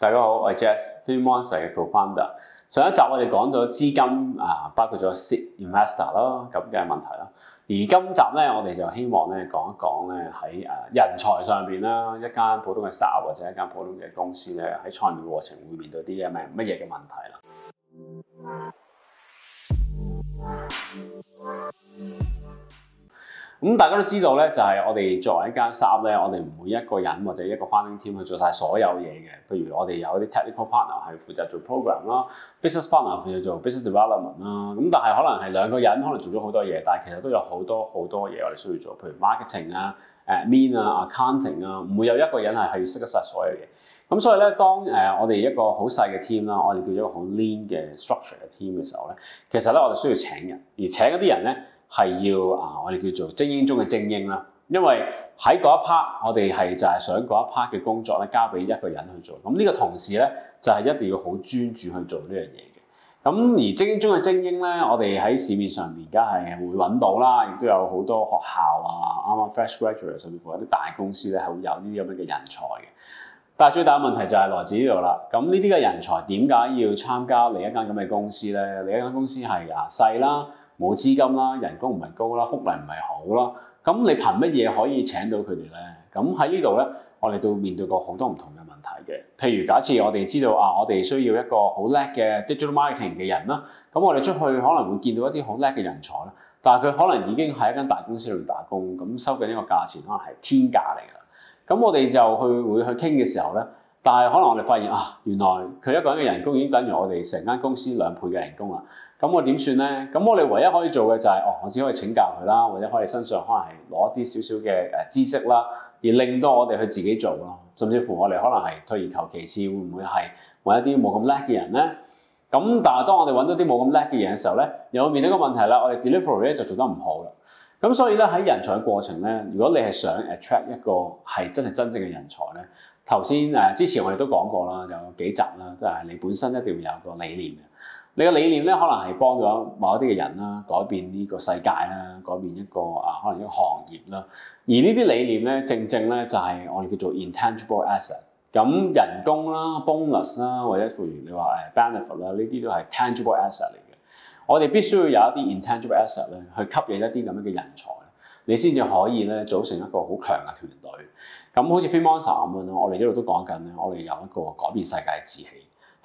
大家好，我係 Jazz，Theme One 嘅 Co-founder。上一集我哋講咗資金啊，包括咗 seed investor 啦，咁嘅問題啦。而今集咧，我哋就希望咧講一講咧喺誒人才上邊啦，一間普通嘅 startup 或者一間普通嘅公司咧，喺創業嘅過程會面對啲咩乜嘢嘅問題啦。咁、嗯、大家都知道咧，就係、是、我哋作為一間 startup 咧，我哋唔會一個人或者一個 funding team 去做晒所有嘢嘅。譬如我哋有啲 technical partner 係負責做 program 啦，business partner 負責做 business development 啦、嗯。咁但係可能係兩個人，可能做咗好多嘢，但係其實都有好多好多嘢我哋需要做，譬如 marketing 啊。誒 mean 啊，accounting 啊，唔會有一個人係去識得晒，所有嘢。咁所以咧，當誒我哋一個好細嘅 team 啦，我哋叫咗一個好 lean 嘅 structure 嘅 team 嘅時候咧，其實咧我哋需要請人，而請嗰啲人咧係要啊，我哋叫做精英中嘅精英啦。因為喺嗰一 part，我哋係就係想嗰一 part 嘅工作咧交俾一個人去做。咁呢個同事咧就係、是、一定要好專注去做呢樣嘢嘅。咁而精英中嘅精英咧，我哋喺市面上面而家係會揾到啦，亦都有好多學校啊。啱啱 fresh graduate 甚至乎一啲大公司咧，係會有呢啲咁嘅人才嘅。但係最大嘅問題就係來自呢度啦。咁呢啲嘅人才點解要參加另一間咁嘅公司咧？另一間公司係牙細啦，冇資金啦，人工唔係高啦，福利唔係好啦。咁你憑乜嘢可以請到佢哋咧？咁喺呢度咧，我哋都面對過好多唔同嘅問題嘅。譬如假設我哋知道啊，我哋需要一個好叻嘅 digital marketing 嘅人啦，咁我哋出去可能會見到一啲好叻嘅人才啦。但係佢可能已經喺一間大公司度打工，咁收緊呢個價錢可能係天價嚟㗎。咁我哋就去會去傾嘅時候咧，但係可能我哋發現啊，原來佢一個人嘅人工已經等於我哋成間公司兩倍嘅人工啦。咁我點算咧？咁我哋唯一可以做嘅就係、是，哦，我只可以請教佢啦，或者可以身上可能係攞一啲少少嘅誒知識啦，而令到我哋去自己做咯。甚至乎我哋可能係退而求其次，會唔會係揾一啲冇咁叻嘅人咧？咁但係當我哋揾到啲冇咁叻嘅嘢嘅時候咧，又會面對一個問題啦。我哋 delivery 咧就做得唔好啦。咁所以咧喺人才嘅過程咧，如果你係想 attract 一個係真係真正嘅人才咧，頭先誒之前我哋都講過啦，有幾集啦，即係你本身一定要有個理念嘅。你個理念咧可能係幫咗某一啲嘅人啦，改變呢個世界啦，改變一個啊可能一個行業啦。而呢啲理念咧，正正咧就係我哋叫做 intangible asset。咁人工啦、bonus 啦，或者譬如你話誒 benefit 啦，呢啲都係 tangible asset 嚟嘅。我哋必須要有一啲 intangible asset 咧，去吸引一啲咁樣嘅人才，你先至可以咧組成一個好強嘅團隊。咁好似 Financer 咁樣，我哋一路都講緊咧，我哋有一個改變世界嘅志氣，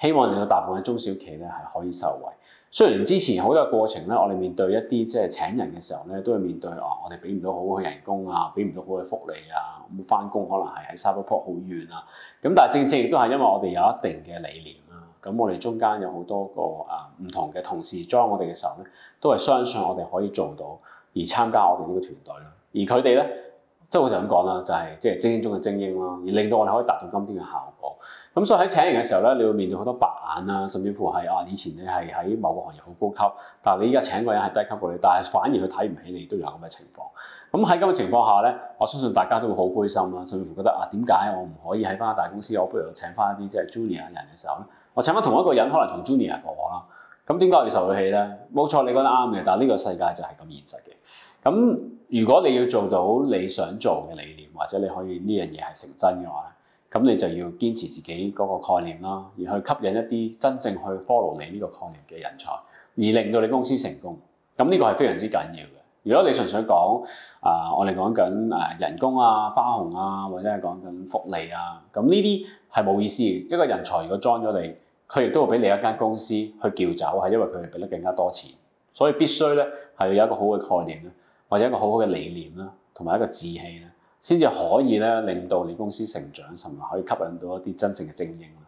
希望你大部分嘅中小企咧係可以受惠。雖然之前好多過程咧，我哋面對一啲即係請人嘅時候咧，都係面對啊，我哋俾唔到好嘅人工啊，俾唔到好嘅福利啊，咁翻工可能係喺 Singapore 好遠啊。咁但係正正亦都係因為我哋有一定嘅理念啦。咁我哋中間有好多個啊唔同嘅同事 join 我哋嘅時候咧，都係相信我哋可以做到而參加我哋呢個團隊啦。而佢哋咧。即係好似咁講啦，就係即係精英中嘅精英咯，而令到我哋可以達到今天嘅效果。咁所以喺請人嘅時候咧，你要面對好多白眼啦，甚至乎係啊，以前你係喺某個行業好高級，但係你依家請個人係低級過你，但係反而佢睇唔起你，都有咁嘅情況。咁喺咁嘅情況下咧，我相信大家都會好灰心啦，甚至乎覺得啊，點解我唔可以喺翻大公司，我不如請翻一啲即係 junior 人嘅時候咧，我請翻同一個人可能仲 junior 過我啦。咁點解我要受佢氣呢？冇錯，你覺得啱嘅，但係呢個世界就係咁現實嘅。咁如果你要做到你想做嘅理念，或者你可以呢樣嘢係成真嘅話咧，咁你就要堅持自己嗰個概念啦，而去吸引一啲真正去 follow 你呢個概念嘅人才，而令到你公司成功。咁呢個係非常之緊要嘅。如果你純粹講啊、呃，我哋講緊誒人工啊、花紅啊，或者係講緊福利啊，咁呢啲係冇意思嘅。一個人才如果 join 咗你，佢亦都會俾你一間公司去撬走，係因為佢哋俾得更加多錢，所以必須咧係要有一個好嘅概念啦，或者一個好好嘅理念啦，同埋一個志氣啦，先至可以咧令到你公司成長，甚至可以吸引到一啲真正嘅精英啦。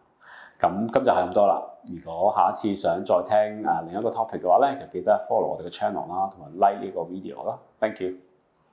咁今日係咁多啦，如果下一次想再聽誒、啊、另一個 topic 嘅話咧，就記得 follow 我哋嘅 channel 啦，同埋 like 呢個 video 啦。Thank you。